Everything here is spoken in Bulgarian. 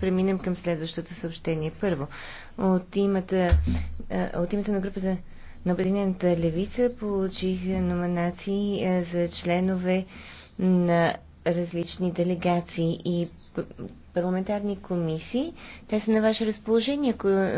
преминем към следващото съобщение. Първо, от името, от имата на групата на Обединената левица получих номинации за членове на различни делегации и парламентарни комисии. Те са на ваше разположение, ако